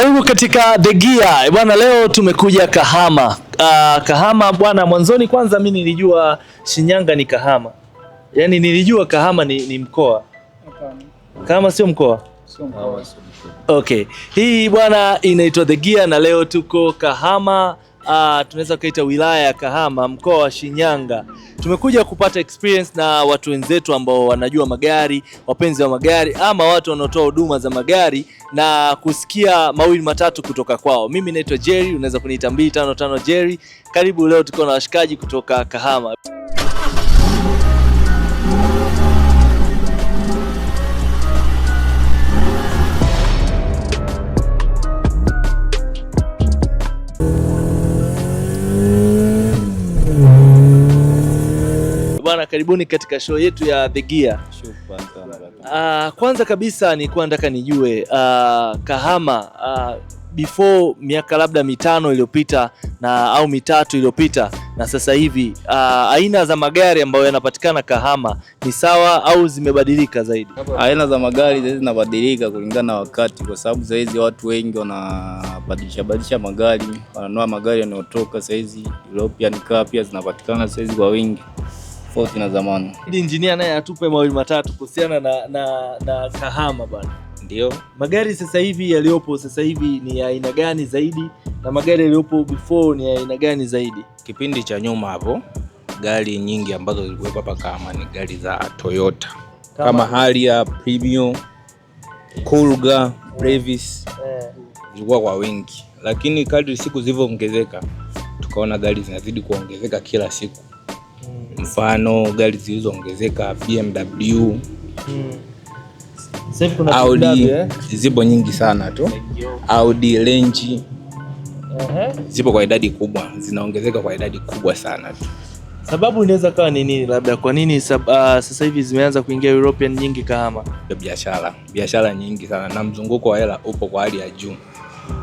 Karibu katika The Gear eh, bwana, leo tumekuja Kahama. Uh, Kahama bwana, mwanzoni kwanza mi nilijua Shinyanga ni Kahama, yaani nilijua Kahama ni, ni mkoa. Kahama sio mkoa? Sio mkoa. Okay, hii bwana inaitwa The Gear na leo tuko Kahama uh, tunaweza kuita wilaya ya Kahama mkoa wa Shinyanga. Tumekuja kupata experience na watu wenzetu ambao wanajua magari, wapenzi wa magari ama watu wanaotoa huduma za magari na kusikia mawili matatu kutoka kwao. Mimi naitwa Jerry, unaweza kuniita 255 Jerry. Karibu, leo tuko na washikaji kutoka Kahama. karibuni katika show yetu ya The Gear. Uh, kwanza kabisa nilikuwa nataka nijue uh, Kahama uh, before miaka labda mitano iliyopita na au mitatu iliyopita na sasa hivi uh, aina za magari ambayo yanapatikana Kahama ni sawa au zimebadilika zaidi? Aina za magari zaidi zinabadilika kulingana na wakati, kwa sababu saizi watu wengi wanabadilisha badilisha magari, wananua magari yanayotoka saizi European car pia zinapatikana saizi kwa wingi tofauti na zamani. injinia naye atupe mawili matatu kuhusiana na, na, na Kahama bwana. Ndio. Magari sasa hivi yaliyopo sasa hivi ni ya aina gani zaidi na magari yaliyopo before ni ya aina gani zaidi? Kipindi cha nyuma hapo gari nyingi ambazo zilikuwepo hapa Kahama ni gari za Toyota kama Harrier, Premio, Kulga, Previs eh. zilikuwa kwa wingi, lakini kadri siku zilivyoongezeka tukaona gari zinazidi kuongezeka kila siku mfano gari zilizoongezeka BMW mm. Kuna Audi BMW, eh? Zipo nyingi sana tu Audi Range uh -huh. Zipo kwa idadi kubwa, zinaongezeka kwa idadi kubwa sana tu. Sababu inaweza kawa ni nini? Labda kwa nini sab uh, sasa hivi zimeanza kuingia European nyingi Kahama? Biashara, biashara nyingi sana na mzunguko wa hela upo kwa hali ya juu,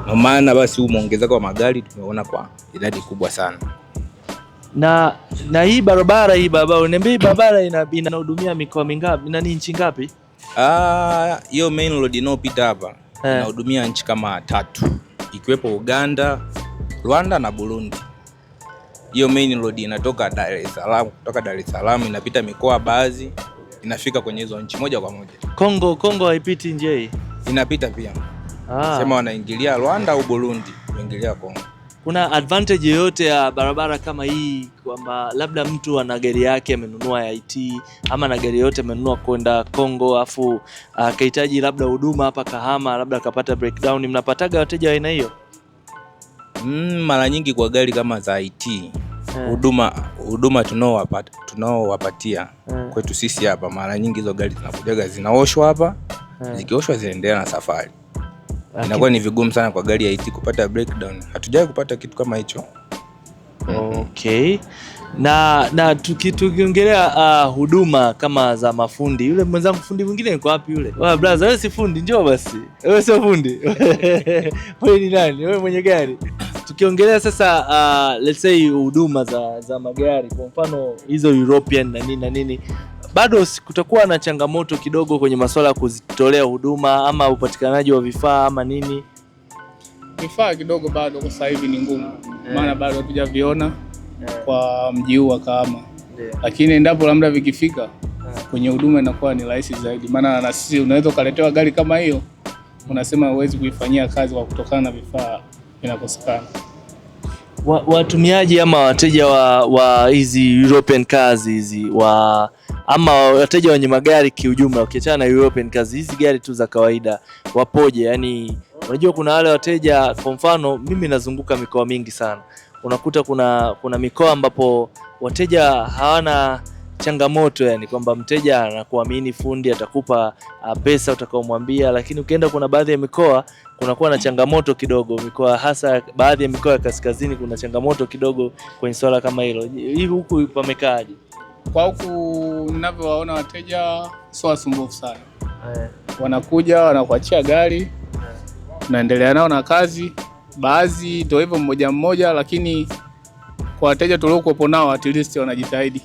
ndio maana basi huu muongezeko wa magari tumeona kwa idadi kubwa sana na na hii barabara hii baba, uniambie hii barabara inahudumia mikoa mingapi na nchi ngapi? Ah, hiyo main road inayopita hapa eh. inahudumia nchi kama tatu ikiwepo Uganda, Rwanda na Burundi. Hiyo main road inatoka Dar es Salaam, kutoka Dar es Salaam inapita mikoa baadhi inafika kwenye hizo nchi moja kwa moja. Kongo, Kongo haipiti njia hii? Inapita pia. Ah. Sema wanaingilia Rwanda au Burundi, wanaingilia Kongo kuna advantage yoyote ya barabara kama hii kwamba labda mtu ana gari yake amenunua ya IT ama na gari yote amenunua kwenda Kongo afu ah, akahitaji labda huduma hapa Kahama, labda akapata breakdown? Mnapataga wateja wa aina hiyo? Mm, mara nyingi kwa gari kama za IT eh. huduma huduma tunaowapata tunaowapatia eh. kwetu sisi hapa, mara nyingi hizo gari zinakujaga zinaoshwa hapa, eh. zikioshwa zinaendelea na safari inakuwa ni vigumu sana kwa gari ya IT e kupata breakdown. Hatujawahi kupata kitu kama hicho. Okay, na na tukiongelea uh, huduma kama za mafundi, yule mwenzangu fundi mwingine yuko wapi yule? Wa ah, brother, wewe si fundi, njoo basi. Wewe sio fundi wewe ni nani? Wewe mwenye gari. Tukiongelea sasa uh, let's say huduma za, za magari kwa mfano hizo European na nini na nini bado kutakuwa na changamoto kidogo kwenye masuala ya kuzitolea huduma ama upatikanaji wa vifaa ama nini? Vifaa kidogo bado kwa sasa hivi ni ngumu, eh. maana bado hatujaviona yeah. kwa mji huu wa Kahama yeah. lakini endapo labda vikifika yeah. kwenye huduma inakuwa ni rahisi zaidi, maana na sisi unaweza ukaletewa gari kama hiyo, unasema huwezi kuifanyia kazi kwa kutokana na vifaa vinakosekana. Watumiaji ama wateja wa hizi European cars hizi wa ama wateja wenye magari kiujumla, ukiachana na European kazi, hizi gari tu za kawaida wapoje? Yani unajua kuna wale wateja, kwa mfano mimi nazunguka mikoa mingi sana, unakuta kuna kuna mikoa ambapo wateja hawana changamoto yani, kwamba mteja anakuamini fundi atakupa ah, pesa utakaomwambia, lakini ukienda, kuna baadhi ya mikoa kunakuwa na changamoto kidogo, mikoa hasa baadhi ya mikoa ya kaskazini kuna changamoto kidogo kwenye swala kama hilo. Hivi huku pamekaaje? Kwa huku ninavyowaona wateja sio wasumbufu sana yeah. Wanakuja wanakuachia gari yeah. Unaendelea nao na kazi, baadhi ndio hivyo mmoja mmoja, lakini kwa wateja tuliokuwepo nao at least wanajitahidi.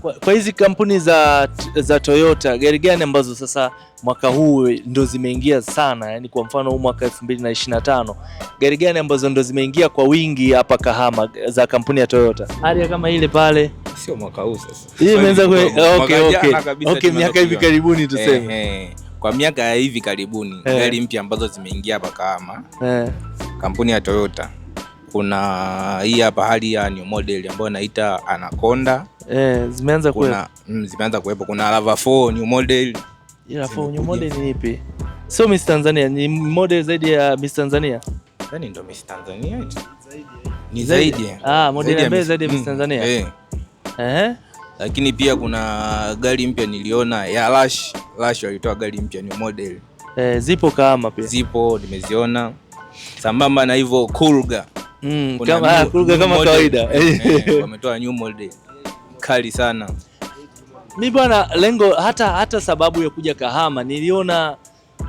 Kwa, kwa hizi kampuni za, za Toyota gari gani ambazo sasa mwaka huu ndo zimeingia sana, yani kwa mfano huu mwaka 2025 gari gani ambazo ndo zimeingia kwa wingi hapa Kahama za kampuni ya Toyota? Haria kama ile pale sio mwaka huu sasa. Hii imeanza kwa okay okay. Okay, okay, miaka hivi karibuni tuseme. Hey, eh, eh. hey. Kwa miaka ya hivi karibuni hey. Eh. gari mpya ambazo zimeingia hapa Kahama hey. kampuni ya Toyota kuna hii hapa hali ya new model ambayo inaita Anaconda eh, zimeanza kuwepo, mm, zimeanza kuwepo. Kuna Lava 4 new model, ila 4 new model ni ipi? Sio Miss Tanzania, ni model zaidi ya Miss Tanzania. yani ndio Miss Tanzania ni zaidi ah, model ya mbele zaidi ya Miss Tanzania eh, eh. Lakini pia kuna gari mpya niliona ya Lash. Lash walitoa gari mpya new model eh, zipo kama pia zipo, nimeziona sambamba na hivyo Kulga Mm, kama kuruga kama kawaida. Eh, wametoa new mold kali sana. Mi bwana, lengo hata hata sababu ya kuja Kahama niliona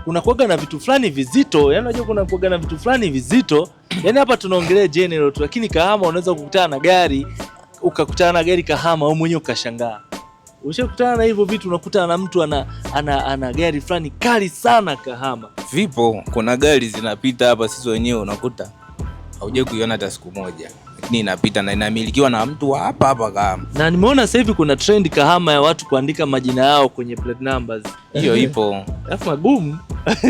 kuna kuaga na vitu fulani vizito, yaani unajua kuna kuaga na vitu fulani vizito, yaani hapa tunaongelea general tu, lakini Kahama unaweza kukutana na gari ukakutana na gari Kahama, au mwenyewe ukashangaa. Ushakutana na hivyo vitu, unakutana na mtu ana, ana, ana gari fulani kali sana Kahama. Vipo, kuna gari zinapita hapa, sisi wenyewe unakuta haujai kuiona hata siku moja, lakini inapita na inamilikiwa na mtu wa hapa hapa Kahama. Na nimeona sasa hivi kuna trend Kahama ya watu kuandika majina yao kwenye plate numbers. Hiyo ipo, alafu magumu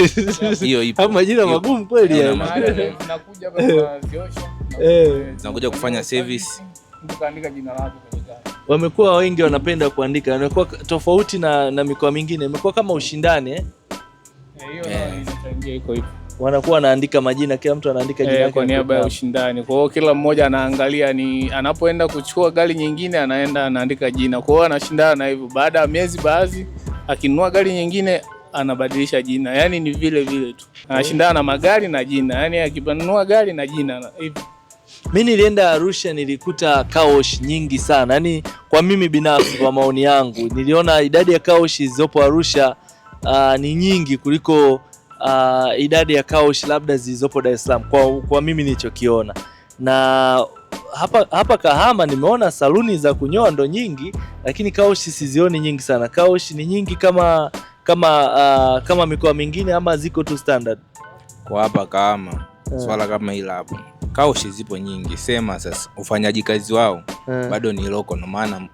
hiyo ipo, Hapo majina magumu kweli, ya. Eh. unakuja kufanya service jina kwenye wamekuwa wengi wanapenda kuandika, wamekuwa tofauti na, na mikoa mingine, imekuwa kama ushindani eh? eh hiyo ndio eh. iko Yeah, wanakuwa wanaandika majina, kila mtu anaandika jina eh, kwa niaba ya ushindani. Kwa hiyo kila mmoja anaangalia ni anapoenda kuchukua gari nyingine, anaenda anaandika jina, kwa hiyo anashindana hivyo. Baada ya miezi baadhi, akinunua gari nyingine anabadilisha jina, yani ni vile vile tu anashindana na magari na jina, yani akinunua gari na jina hivyo. Mi nilienda Arusha nilikuta kaosh nyingi sana, yani kwa mimi binafsi, kwa maoni yangu niliona idadi ya kaosh zilizopo Arusha uh, ni nyingi kuliko uh, idadi ya kaoshi labda zilizopo Dar es Salaam kwa, kwa mimi nilichokiona na hapa, hapa Kahama nimeona saluni za kunyoa ndo nyingi, lakini kaoshi sizioni nyingi sana. kaoshi ni nyingi kama kama uh, kama mikoa mingine ama ziko tu standard kwa hapa Kahama yeah. Swala kama hila hapo kaoshi zipo nyingi, sema sasa ufanyaji kazi wao yeah. Bado ni loko, ndo maana eh.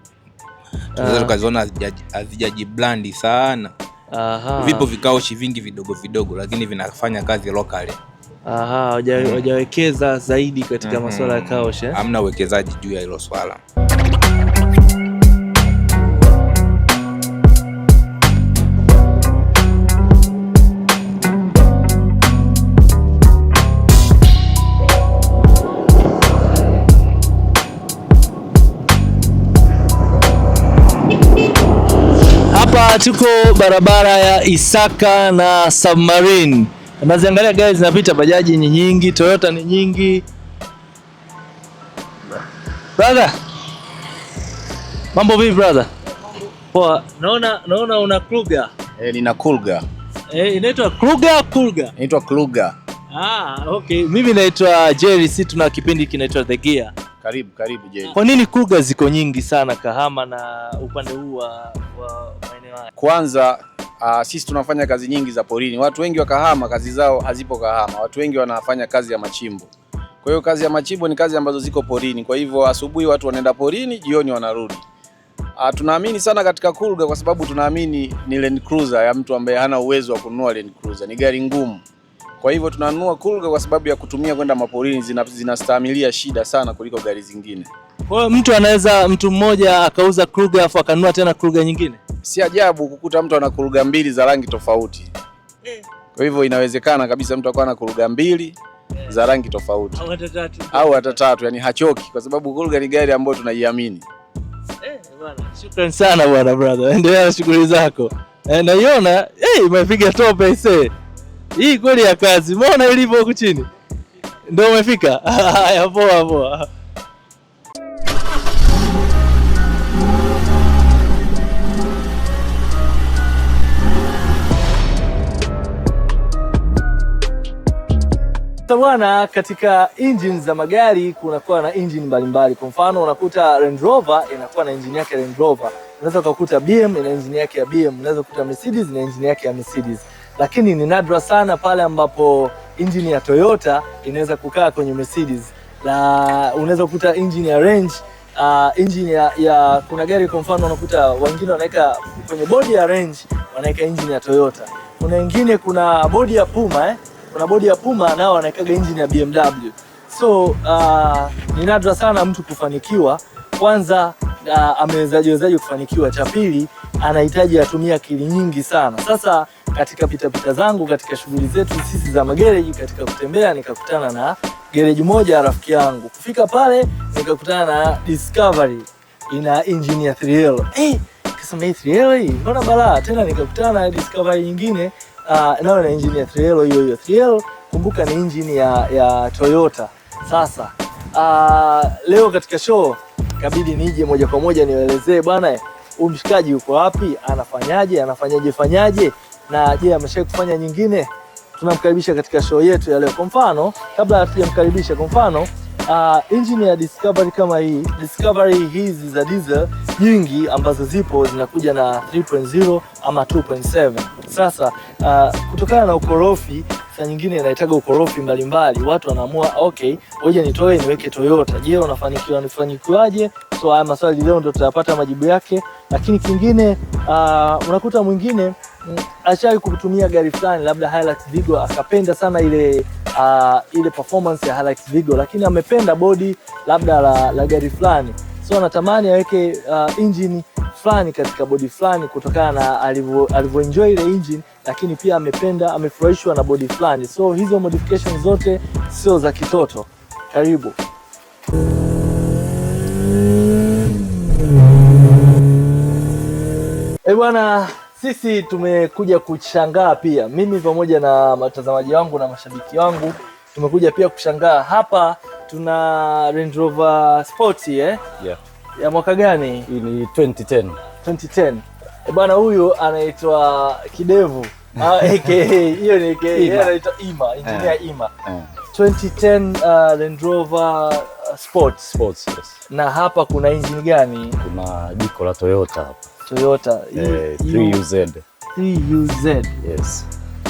tunaweza tukaziona hazijajiblandi sana Aha. Vipo vikaoshi vingi vidogo vidogo, lakini vinafanya kazi lokali. Aha, mm. wajawekeza zaidi katika mm -hmm. masuala ya kaoshi. Eh? Hamna uwekezaji juu ya hilo swala. tuko barabara ya Isaka na Submarine. Naziangalia gari zinapita, bajaji ni nyingi, Toyota ni nyingi. Brother. Mambo vipi brother? Poa. Naona naona una Kruger. Eh, nina Kruger. Eh, inaitwa Kluger Kruger. Inaitwa Kruger. Ah, okay. Mimi naitwa Jerry, si tuna kipindi kinaitwa The Gear. Karibu, karibu Jerry. Kwa nini Kruger ziko nyingi sana Kahama na upande huu wa, wa kwanza uh, sisi tunafanya kazi nyingi za porini. Watu wengi wa Kahama kazi zao hazipo Kahama, watu wengi wanafanya kazi ya machimbo. Kwa hiyo kazi ya machimbo ni kazi ambazo ziko porini, kwa hivyo asubuhi watu wanaenda porini, jioni wanarudi. Uh, tunaamini sana katika Kulga kwa sababu tunaamini ni Land Cruiser ya mtu ambaye hana uwezo wa kununua Land Cruiser, ni gari ngumu. Kwa hivyo tunanunua Kulga kwa sababu ya kutumia kwenda maporini, zinastahimilia shida sana kuliko gari zingine. Kwa hiyo mtu anaweza, mtu mmoja akauza Kruger afu akanua tena Kruger nyingine. Si ajabu kukuta mtu ana Kruger mbili za rangi tofauti. Kwa hivyo inawezekana kabisa mtu akawa na Kruger mbili za rangi tofauti au hata tatu, Au hata tatu, yani hachoki, kwa sababu Kruger ni gari ambayo tunaiamini. Eh, bwana, shukrani sana bwana brother, endelea na shughuli zako. Eh, naiona eh, imepiga tope eh, ise. Hii kweli ya kazi, Mbona ilivyo huku chini, ndio umefika. Haya, poa poa. Bwana, katika engine za magari kunakuwa na engine mbalimbali. Kwa mfano unakuta Range Rover inakuwa na engine yake Range Rover, unaweza ukakuta BM ina engine yake ya BM, unaweza kukuta Mercedes ina engine yake ya Mercedes, lakini ni nadra sana pale ambapo engine ya Toyota inaweza kukaa kwenye Mercedes, na unaweza kukuta engine ya Range uh, engine ya, ya kuna gari kwa mfano unakuta wengine wanaweka kwenye body ya Range wanaweka engine ya Toyota, kuna wengine kuna body ya Puma eh kuna bodi ya Puma nao wanaekaga engine ya BMW. So uh, ni nadra sana mtu kufanikiwa. Kwanza uh, amewezaje wezaje kufanikiwa? Cha pili anahitaji atumie akili nyingi sana. Sasa katika pitapita zangu katika shughuli zetu sisi za magereji, katika kutembea nikakutana na gereji moja rafiki yangu. Kufika pale nikakutana na Discovery ina engine ya 3L. Eh, hey, kasema 3L eh, hii, mbona balaa tena. Nikakutana na Discovery nyingine uh, nayo na injini ya 3L hiyo hiyo. 3L kumbuka ni injini ya, ya Toyota. Sasa uh, leo katika show kabidi nije moja kwa moja niwaelezee bwana huyu mshikaji yuko wapi, anafanyaje, anafanyaje fanyaje, na je ameshawahi kufanya nyingine. Tunamkaribisha katika show yetu ya leo. Kwa mfano, kabla hatujamkaribisha, kwa mfano uh, injini ya Discovery kama hii, Discovery hizi za diesel nyingi ambazo zipo zinakuja na 3.0 ama 2.7 sasa uh, kutokana na ukorofi saa nyingine inahitaga ukorofi mbalimbali, watu wanaamua okay, ngoja nitoe niweke Toyota. Je, unafanikiwa nifanikiwaje? So haya maswali leo ndio tutayapata majibu yake, lakini kingine uh, unakuta mwingine mm, ashawai kutumia gari fulani labda Hilux Vigo akapenda sana ile uh, ile performance ya Hilux Vigo, lakini amependa bodi labda la, la gari fulani so anatamani aweke uh, engine fulani katika bodi fulani kutokana na alivyoenjoy ile engine, lakini pia amependa amefurahishwa na bodi fulani. So hizo modification zote sio za kitoto. Karibu. Eh, bwana sisi tumekuja kushangaa pia, mimi pamoja na watazamaji wangu na mashabiki wangu tumekuja pia kushangaa hapa tuna Range Rover Sport eh? Yeah. ya mwaka gani? Hii ni 2010. 2010. Eh, bwana, huyu anaitwa Kidevu Ah, aka hiyo ni aka anaitwa Ima, engineer yeah. Ima. Yeah. 2010 uh, Range Rover uh, Sport. Sports, yes. Na hapa kuna engine gani? Kuna jiko la Toyota hapa. Toyota. E, 3UZ. 3UZ. Yes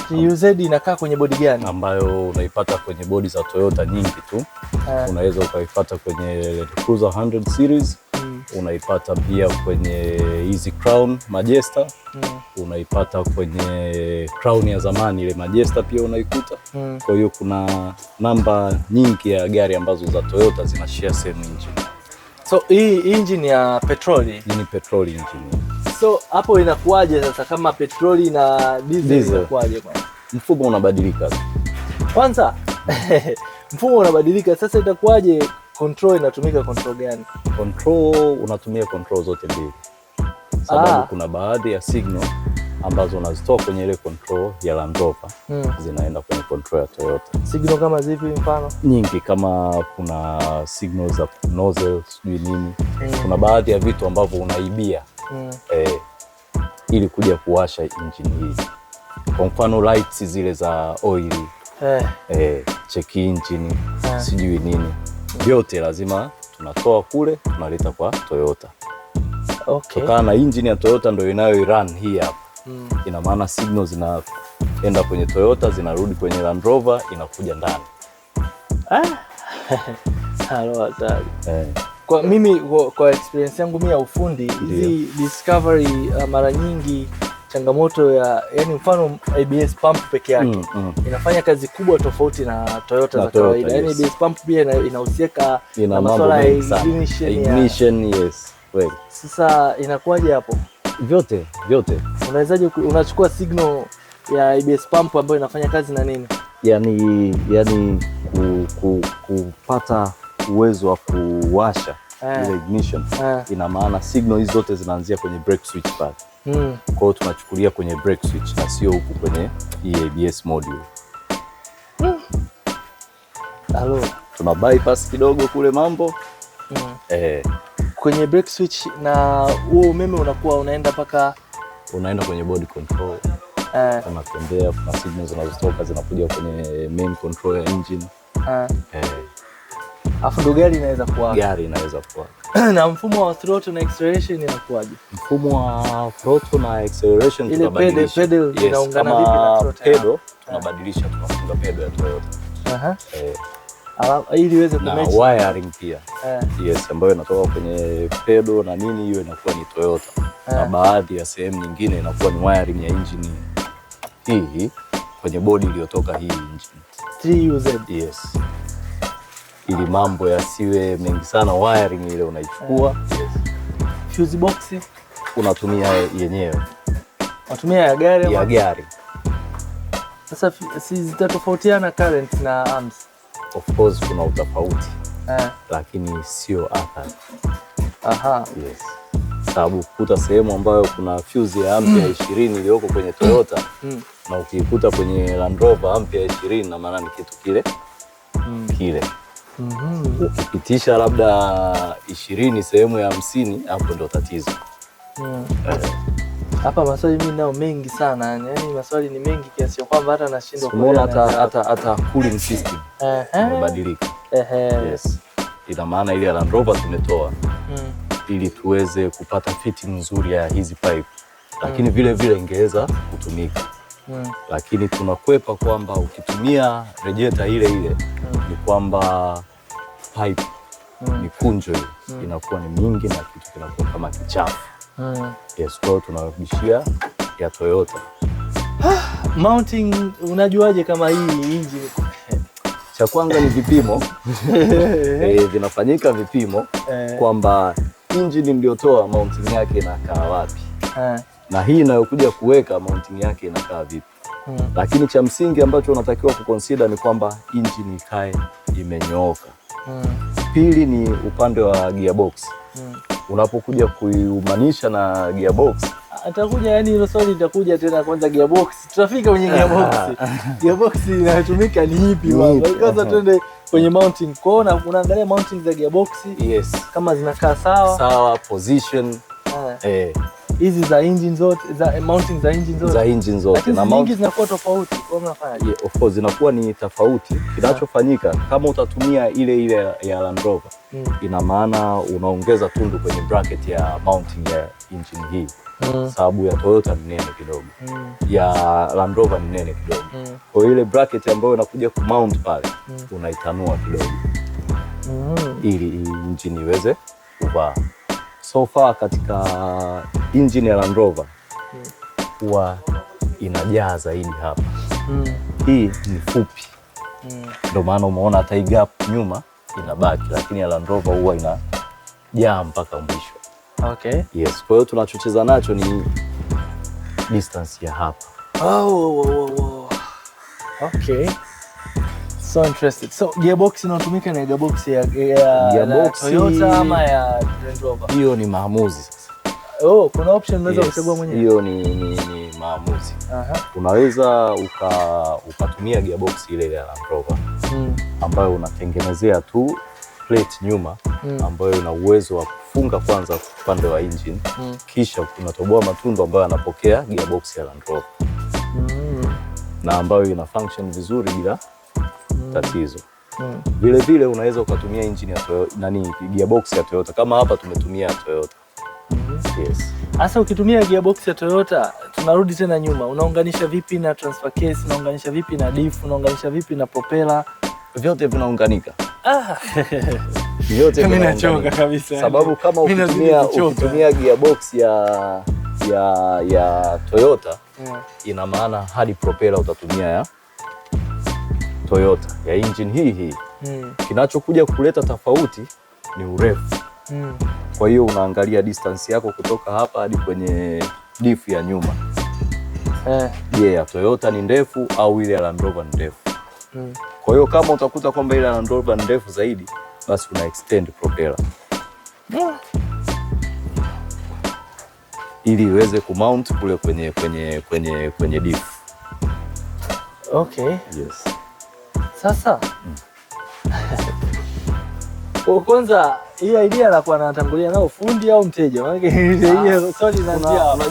ni UZ inakaa kwenye bodi gani? Ambayo unaipata kwenye bodi za Toyota nyingi tu uh. Unaweza ukaipata kwenye Land Cruiser 100 series mm. Unaipata pia kwenye hizi Crown Majesta mm. Unaipata kwenye Crown ya zamani ile Majesta pia unaikuta mm. Kwa hiyo kuna namba nyingi ya gari ambazo za Toyota zinashare same engine. So hii engine ya petroli, ni petroli engine. So hapo inakuwaje sasa, kama petroli na diesel inakuwaje? Mfumo unabadilika kwanza mfumo unabadilika sasa, itakuwaje? Control inatumika control gani? Control unatumia control zote mbili, sababu ah. kuna baadhi ya signal ambazo unazitoa kwenye ile control ya Land Rover hmm, zinaenda kwenye control ya Toyota. Signal kama zipi? Mfano nyingi, kama kuna signal za nozzle sijui nini hmm, kuna baadhi ya vitu ambavyo unaibia mm. eh, ili kuja kuwasha injini hizi, kwa mfano lights zile za oili eh. eh, check engine eh. sijui nini vyote lazima tunatoa kule tunaleta kwa Toyota okay. Kutokana na engine ya Toyota ndio inayo run hii hapa mm. Ina maana signal zinaenda kwenye Toyota zinarudi kwenye Land Rover inakuja ndani ah. Halo hatari eh. Kwa mimi kwa kwa experience yangu mimi ya ufundi hizi yeah. discovery uh, mara nyingi changamoto ya yani, mfano ABS pump peke yake mm, mm. inafanya kazi kubwa tofauti na Toyota na za kawaida yani, ABS pump pia ina, inahusika na masuala ya ignition ignition ya... yes, well. Sasa inakuwaje hapo? Vyote vyote unawezaje, unachukua signal ya ABS pump ambayo inafanya kazi na nini, yani yani kupata ku, ku, uwezo wa kuwasha eh. ile ignition, eh. ina maana signal hizi zote zinaanzia kwenye brake switch pale. Mm. Kwa hiyo tunachukulia kwenye brake switch na sio huku kwenye ABS module. Mm. Halo. Tuna bypass kidogo kule mambo. Mm. Eh. Kwenye brake switch na huo umeme unakuwa unaenda paka unaenda kwenye body control. Eh. Unatembea, kuna signal zinazotoka zinakuja kwenye main control ya engine. Eh. Eh. Afu ndo gari inaweza kuwa gari inaweza kuwa na mfumo wa throttle na acceleration inakuwaje? Mfumo wa throttle na acceleration tunabadilisha. Ile pedal yes, pedal inaungana vipi na throttle? Pedal tunabadilisha, tunafunga pedal ya Toyota. Aha. Eh. Ili iweze kumatch na wiring pia. Eh. Yes, ambayo inatoka kwenye pedal na nini hiyo inakuwa ni Toyota. Na eh. baadhi ya sehemu nyingine inakuwa ni wiring ya engine hii kwenye bodi iliyotoka hii engine. TUZ. Yes ili mambo yasiwe mengi sana. Wiring ile unaichukua, fuse box unatumia yenyewe, unatumia ya gari ya gari. Sasa si zitatofautiana current na amps? Of course kuna utofauti eh, lakini sio athari. Aha. Yes. Sababu kuta sehemu ambayo kuna fuse ya amp ya 20 mm. iliyoko kwenye Toyota mm. na ukikuta kwenye Land Rover amp ya 20 na maana ni kitu kile mm. kile. -hmm. Ukipitisha labda ishirini sehemu ya hamsini, hapo ndo tatizo mm. Hapa maswali mimi nao mengi sana, yani yaani maswali ni mengi kiasi kwamba hata nashindwa kuona. Hata hata hata cooling system imebadilika. Yes, ina maana ile Land Rover tumetoa mm. ili tuweze kupata fiti nzuri ya hizi pipe, lakini mm. vile vile ingeweza kutumika lakini tunakwepa kwamba ukitumia rejeta ile ile mm. ni kwamba pipe ni kunjo hiyo mm. inakuwa ni mingi na kitu kinakuwa kama kichafu mm. Yes, kwao tunarudishia ya Toyota. Ah, mounting, unajuaje kama hii injini? Cha kwanza ni vipimo e, vinafanyika vipimo eh. kwamba injini mliotoa mounting yake inakaa wapi eh na hii inayokuja kuweka mounting yake inakaa vipi. Hmm. Lakini cha msingi ambacho unatakiwa kukonsida ni kwamba injini ikae imenyooka. Hmm. Pili ni upande wa gearbox. Hmm. Unapokuja kuiumanisha na gearbox atakuja yani, hilo swali litakuja tena. Kwanza gearbox, tutafika kwenye gearbox. Gearbox inatumika ni ipi? Kwanza twende kwenye mounting. Kwa unaangalia mounting za gearbox, yes, kama zinakaa sawa sawa, position Eh. Hizi za engine zote za eh, mounting za engine zote za engine zote na nyingi zinakuwa tofauti kwa mnafanya. Yeah, of course inakuwa ni tofauti. Kinachofanyika kama utatumia ile ile ya Land Rover mm. ina maana unaongeza tundu kwenye bracket ya mounting ya engine hii mm. sababu ya Toyota ni nene kidogo mm. ya Land Rover ni nene kidogo mm. kwa ile bracket ambayo inakuja ku mount pale mm. unaitanua kidogo mm. ili engine iweze kuvaa so far katika injini ya Land Rover hmm. huwa inajaa zaidi hapa mm. Hii ni fupi hmm. ndio maana umeona hata hii gap nyuma inabaki, lakini ya Land Rover huwa inajaa mpaka mwisho. Okay. Yes, kwa hiyo tunachocheza nacho ni distance ya hapa. Oh, oh, oh, oh. Okay. So interested. So gearbox inatumika na gearbox ya, ya, gearbox Toyota ama ya Land Rover? Hiyo ni maamuzi sasa. Oh, kuna option unaweza kuchagua mwenyewe. Hiyo ni, ni, ni maamuzi. Aha. Unaweza uka, ukatumia gearbox ile ya Land Rover hmm, ambayo unatengenezea tu plate nyuma hmm, ambayo ina uwezo wa kufunga kwanza upande wa engine hmm, kisha unatoboa matundu ambayo anapokea gearbox ya Land Rover hmm, na ambayo ina function vizuri bila tatizo. Mm. Vile vile unaweza ukatumia engine ya Toyota, nani gearbox ya Toyota kama hapa tumetumia Toyota. Mm-hmm. Yes. Hasa ukitumia gearbox ya Toyota tunarudi tena nyuma, unaunganisha vipi na transfer case, unaunganisha vipi na diff, unaunganisha vipi na propeller? Vyote vinaunganika. Ah. Vyote vinachoka kabisa. Sababu kama ukitumia, ukitumia gearbox ya ya ya Toyota yeah, ina maana hadi propeller utatumia ya Toyota ya engine hii hii mm. Kinachokuja kuleta tofauti ni urefu mm. Kwa hiyo unaangalia distance yako kutoka hapa hadi kwenye diff ya nyuma eh. Yeah, ya Toyota ni ndefu au ile ya Land Rover ni ndefu mm. Kwa hiyo kama utakuta kwamba ile Land Rover ni ndefu zaidi, basi una extend propeller hmm. ili iweze kumount kule kwenye, kwenye, kwenye, kwenye diff. Okay. Yes. Sasa mm. Kwanza hii idea la kuwa natangulia nao fundi au mteja, ah,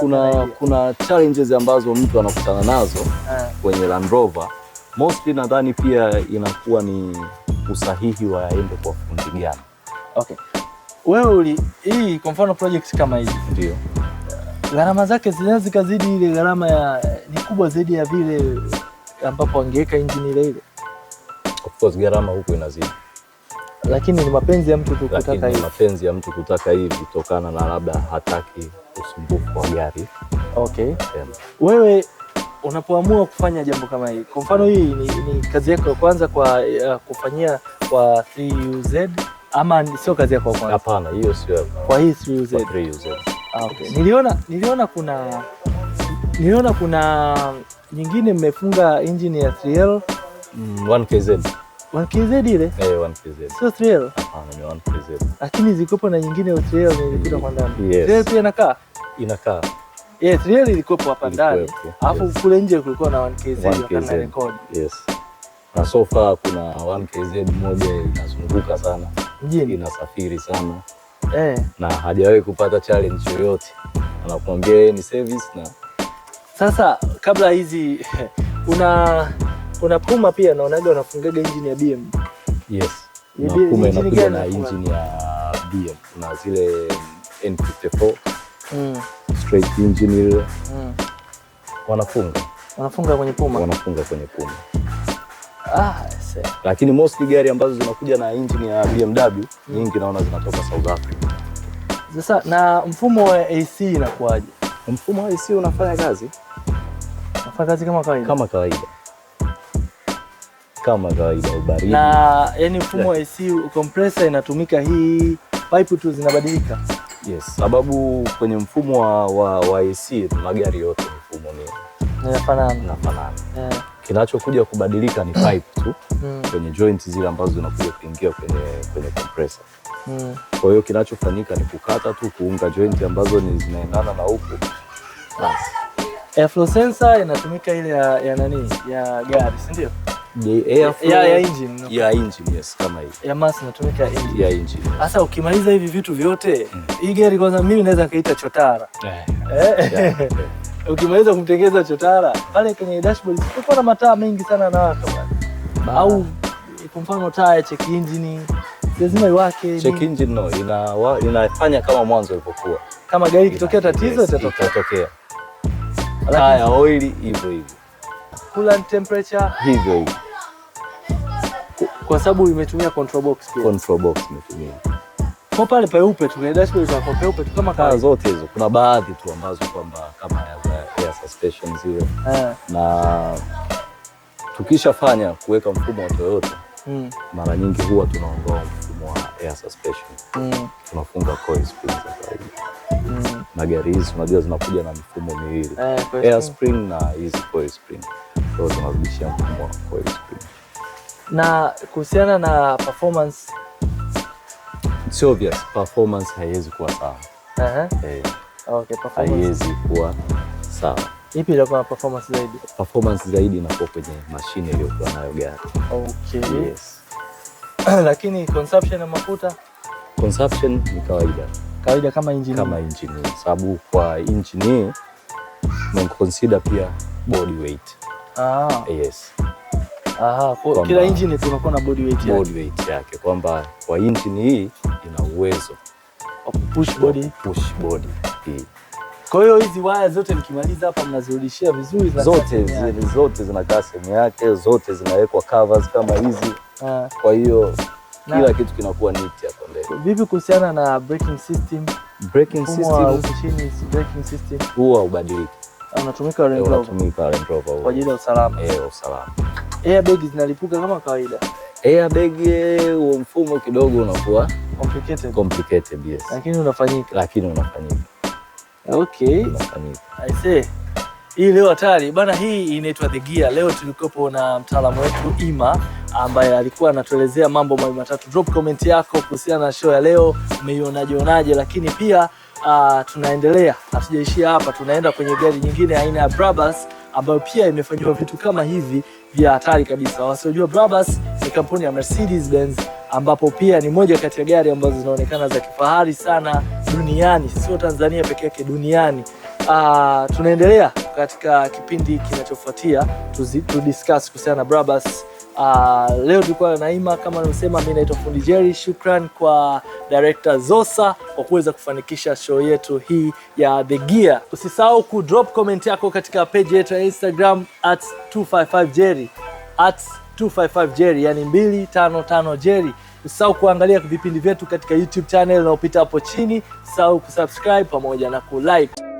kuna kuna challenges ambazo mtu anakutana nazo yeah. Kwenye Land Rover mostly nadhani pia inakuwa ni usahihi wa aende kwa fundi gani. Okay. Wewe hii kwa mfano project kama hizi ndio gharama zake zinaweza zikazidi ile gharama ya ni kubwa zaidi ya vile ambapo angeweka injini ile ile. Of course gharama huko inazidi, lakini ni mapenzi ya mtu kutaka hivi, lakini mapenzi ya mtu kutaka hivi kutokana na labda hataki usumbufu wa gari. Okay, yeah. Wewe unapoamua kufanya jambo kama hili, kwa mfano hii ni, ni kazi yako ya kwanza kwa uh, kufanyia kwa 3UZ ama sio kazi yako ya kwanza? Hapana, hiyo sio kwa hii 3UZ. 3UZ. Ah, okay. Niliona, niliona kuna Niliona kuna nyingine mmefunga engine ya 3L 1KZ. 1KZ ile? Eh, 1KZ. Sio 3L? Hapana, ni 1KZ. Lakini zikopo na nyingine ya 3L nilipita kwa ndani. 3L pia inakaa? Inakaa. Yes, 3L ilikopo hapa ndani. Alafu kule nje kulikuwa na 1KZ wakati na record. Yes. Na so far kuna 1KZ moja inazunguka sana. Mjini. Inasafiri sana. Eh. Na hajawahi kupata challenge yoyote. Anakuambia ni service na sasa kabla hizi una una Puma pia naonaga unafungaga engine ya BM. Yes. Puma inakuja na engine ya BM na zile N54 mm. straight engine ile mm. wanafunga wanafunga kwenye Puma, wanafunga kwenye Puma. Ah, lakini most gari ambazo zinakuja na engine ya BMW nyingi naona zinatoka South Africa. Sasa na mfumo wa AC inakuwaje? Mfumo wa AC unafanya kazi mavazi kama kawaida, kama kawaida, kama kawaida ubaridi. Na yani mfumo wa AC compressor inatumika hii, pipe tu zinabadilika. Yes, sababu kwenye mfumo wa, wa, wa AC magari yote mfumo ni inafanana, inafanana. Yeah. Kinachokuja kubadilika ni pipe tu mm. kwenye joint zile ambazo zinakuja kuingia kwenye, kwenye compressor mm. Kwa hiyo kinachofanyika ni kukata tu kuunga joint ambazo ni zinaendana na huku basi airflow sensor inatumika ile ya ya nani ya gari, si ndio? Ya ya ya engine. Ya engine, yes, kama hiyo. Ya mass inatumika engine. Ya engine. Sasa ukimaliza hivi vitu vyote, mm. hii gari kwanza mimi naweza kaita chotara. Eh. eh. Ukimaliza kumtengeza chotara, pale kwenye dashboard na mataa mengi sana yanawaka bwana. Au kwa mfano taa ya check engine lazima iwake. Check engine no, inafanya kama mwanzo ilipokuwa. Kama gari ikitokea tatizo itatokea. yes, taya oili hivyo hivyo, coolant temperature hivyo hivyo, kwa sababu imetumia control box pia. Control box imetumia kwa pale peupe tu, dashboard za kwa peupe tu kama kawaida zote hizo. Kuna baadhi tu ambazo kwamba kama ya air suspension zile, eh. na tukishafanya kuweka mfumo wa Toyota mm. mara nyingi huwa tunaondoa mfumo wa air suspension mm. tunafunga coil spring za kawaida mm. na gari hizi unajua zinakuja na mifumo miwili eh, air spring na hizi coil spring, tunarudishia mfumo wa coil spring. Na kuhusiana na performance, it's obvious performance haiwezi kuwa sawa. uh eh. -huh. okay, performance haiwezi kuwa sawa Ipi na performance zaidi? Performance zaidi inakuwa kwenye mashine iliyokuwa nayo gari. Okay. Yes. Lakini consumption ya mafuta? Consumption ni kawaida. Kawaida kama engine. Kama engine. Sababu kwa engine na consider pia body weight. Ah. Yes. Aha, kwa kila engine tunakuwa na body weight yake. Body weight yake kwamba kwa engine hii ina uwezo wa push body, push body hii kwa hiyo hizi waya zote nikimaliza hapa mnazirudishia vizuri zote, zile zote zinakaa sehemu yake, zote zinawekwa covers kama hizi. Kwa hiyo kila kitu kinakuwa neat hapo mbele. Vipi kuhusiana na braking system? Braking system braking system huwa ubadiliki. anatumika ah, eh, Range Rover. anatumika Range Rover kwa ajili ya usalama. Eh, usalama. Airbag zinalipuka kama kawaida. Airbag eh, huo mfumo kidogo unakuwa complicated. Complicated, yes. Lakini unafanyika. Lakini unafanyika. Okay. I see. Hii leo hatari bana, hii inaitwa The Gear. Leo tulikopo na mtaalamu wetu Ima ambaye alikuwa anatuelezea mambo matatu. Drop comment yako kuhusiana na show ya leo, umeionajionaje? Lakini pia uh, tunaendelea, hatujaishia hapa, tunaenda kwenye gari nyingine aina ya Brabus ambayo pia imefanyiwa vitu kama hivi vya hatari kabisa. Wasiojua Brabus ni kampuni ya Mercedes Benz, ambapo pia ni moja kati ya gari ambazo zinaonekana za kifahari sana duniani, sio Tanzania peke yake, duniani. Uh, tunaendelea katika kipindi kinachofuatia discuss kuhusiana na Brabus. Uh, leo tulikuwa naima kama nilivyosema, mimi naitwa Fundi Jerry. Shukran kwa director Zosa kwa kuweza kufanikisha show yetu hii ya The Gear. Usisahau ku drop comment yako katika page yetu ya Instagram at 255 Jerry at 255 Jerry, yani 255 Jerry. Usisahau kuangalia vipindi vyetu katika YouTube channel unaopita hapo chini. Usisahau kusubscribe pamoja na kulike.